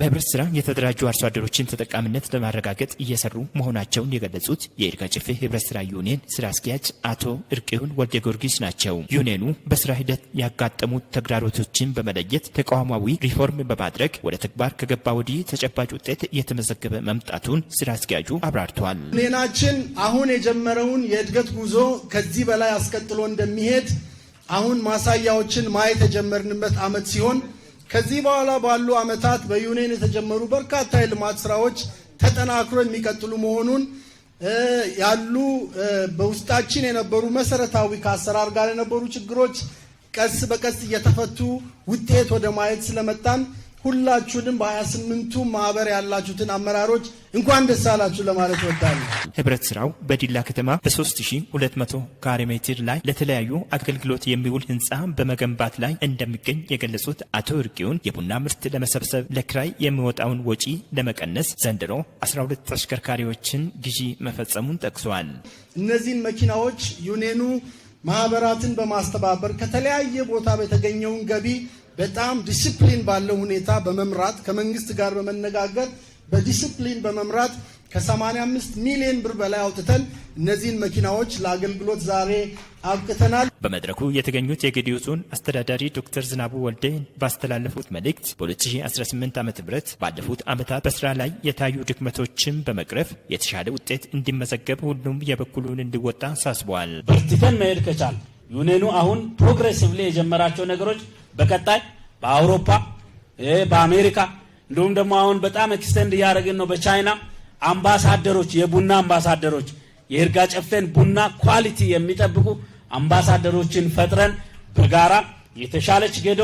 በህብረት ስራ የተደራጁ አርሶ አደሮችን ተጠቃሚነት ለማረጋገጥ እየሰሩ መሆናቸውን የገለጹት የይርጋ ጨፌ ህብረት ስራ ዩኒየን ስራ አስኪያጅ አቶ እርቅሁን ወልደ ጊዮርጊስ ናቸው። ዩኒየኑ በስራ ሂደት ያጋጠሙ ተግዳሮቶችን በመለየት ተቋማዊ ሪፎርም በማድረግ ወደ ተግባር ከገባ ወዲህ ተጨባጭ ውጤት እየተመዘገበ መምጣቱን ስራ አስኪያጁ አብራርተዋል። ዩኒየናችን አሁን የጀመረውን የእድገት ጉዞ ከዚህ በላይ አስቀጥሎ እንደሚሄድ አሁን ማሳያዎችን ማየት የጀመርንበት ዓመት ሲሆን ከዚህ በኋላ ባሉ ዓመታት በዩኔን የተጀመሩ በርካታ የልማት ስራዎች ተጠናክሮ የሚቀጥሉ መሆኑን ያሉ በውስጣችን የነበሩ መሰረታዊ ከአሰራር ጋር የነበሩ ችግሮች ቀስ በቀስ እየተፈቱ ውጤት ወደ ማየት ስለመጣን ሁላችሁንም በ28ቱ ማህበር ያላችሁትን አመራሮች እንኳን ደስ አላችሁ ለማለት እወዳለሁ። ህብረት ስራው በዲላ ከተማ በ3200 ካሬ ሜትር ላይ ለተለያዩ አገልግሎት የሚውል ህንፃ በመገንባት ላይ እንደሚገኝ የገለጹት አቶ እርጌውን የቡና ምርት ለመሰብሰብ ለክራይ የሚወጣውን ወጪ ለመቀነስ ዘንድሮ 12 ተሽከርካሪዎችን ግዢ መፈጸሙን ጠቅሰዋል። እነዚህን መኪናዎች ዩኔኑ ማህበራትን በማስተባበር ከተለያየ ቦታ በተገኘውን ገቢ በጣም ዲሲፕሊን ባለው ሁኔታ በመምራት ከመንግስት ጋር በመነጋገር በዲሲፕሊን በመምራት ከ85 ሚሊዮን ብር በላይ አውጥተን እነዚህን መኪናዎች ለአገልግሎት ዛሬ አብቅተናል። በመድረኩ የተገኙት የጌዲዮ ዞን አስተዳዳሪ ዶክተር ዝናቡ ወልዴ ባስተላለፉት መልእክት በ2018 ዓ ም ባለፉት ዓመታት በስራ ላይ የታዩ ድክመቶችን በመቅረፍ የተሻለ ውጤት እንዲመዘገብ ሁሉም የበኩሉን እንዲወጣ አሳስበዋል። በርትተን መሄድ ከቻል ዩኔኑ አሁን ፕሮግሬሲቭሊ የጀመራቸው ነገሮች በቀጣይ በአውሮፓ በአሜሪካ እንዲሁም ደግሞ አሁን በጣም ኤክስቴንድ እያደረግን ነው። በቻይና አምባሳደሮች የቡና አምባሳደሮች የይርጋ ጨፌን ቡና ኳሊቲ የሚጠብቁ አምባሳደሮችን ፈጥረን በጋራ የተሻለች ገዶ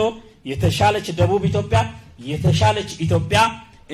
የተሻለች ደቡብ ኢትዮጵያ የተሻለች ኢትዮጵያ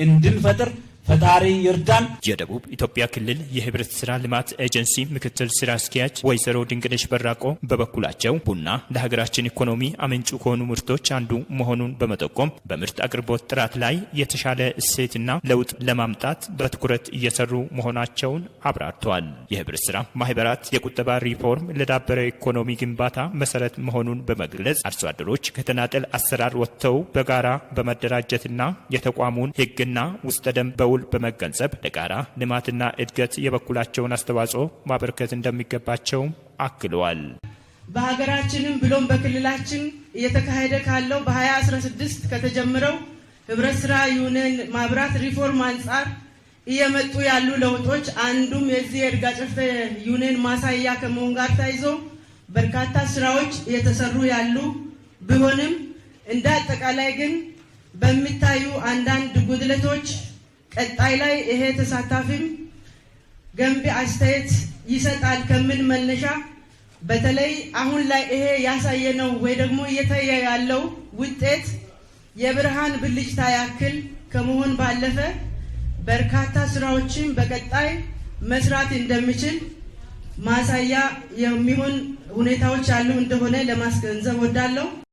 እንድንፈጥር ፈጣሪ ይርዳን። የደቡብ ኢትዮጵያ ክልል የህብረት ስራ ልማት ኤጀንሲ ምክትል ስራ አስኪያጅ ወይዘሮ ድንቅነሽ በራቆ በበኩላቸው ቡና ለሀገራችን ኢኮኖሚ አመንጩ ከሆኑ ምርቶች አንዱ መሆኑን በመጠቆም በምርት አቅርቦት ጥራት ላይ የተሻለ እሴትና ለውጥ ለማምጣት በትኩረት እየሰሩ መሆናቸውን አብራርተዋል። የህብረት ስራ ማህበራት የቁጠባ ሪፎርም ለዳበረ ኢኮኖሚ ግንባታ መሰረት መሆኑን በመግለጽ አርሶ አደሮች ከተናጠል አሰራር ወጥተው በጋራ በመደራጀትና የተቋሙን ህግና ውስጠ ደንብ በውል በመገንዘብ ለጋራ ልማትና እድገት የበኩላቸውን አስተዋጽኦ ማበርከት እንደሚገባቸው አክለዋል። በሀገራችንም ብሎም በክልላችን እየተካሄደ ካለው በ2016 ከተጀመረው ህብረት ስራ ዩኒየን ማብራት ሪፎርም አንጻር እየመጡ ያሉ ለውጦች አንዱም የዚህ የእድጋ ጨፌ ዩኒየን ማሳያ ከመሆን ጋር ታይዞ በርካታ ስራዎች እየተሰሩ ያሉ ቢሆንም እንደ አጠቃላይ ግን በሚታዩ አንዳንድ ጉድለቶች ቀጣይ ላይ ይሄ ተሳታፊም ገንቢ አስተያየት ይሰጣል ከምል መነሻ በተለይ አሁን ላይ ይሄ ያሳየነው ወይ ደግሞ እየታየ ያለው ውጤት የብርሃን ብልጭታ ያክል ከመሆን ባለፈ በርካታ ስራዎችን በቀጣይ መስራት እንደሚችል ማሳያ የሚሆን ሁኔታዎች ያሉ እንደሆነ ለማስገንዘብ ወዳለው።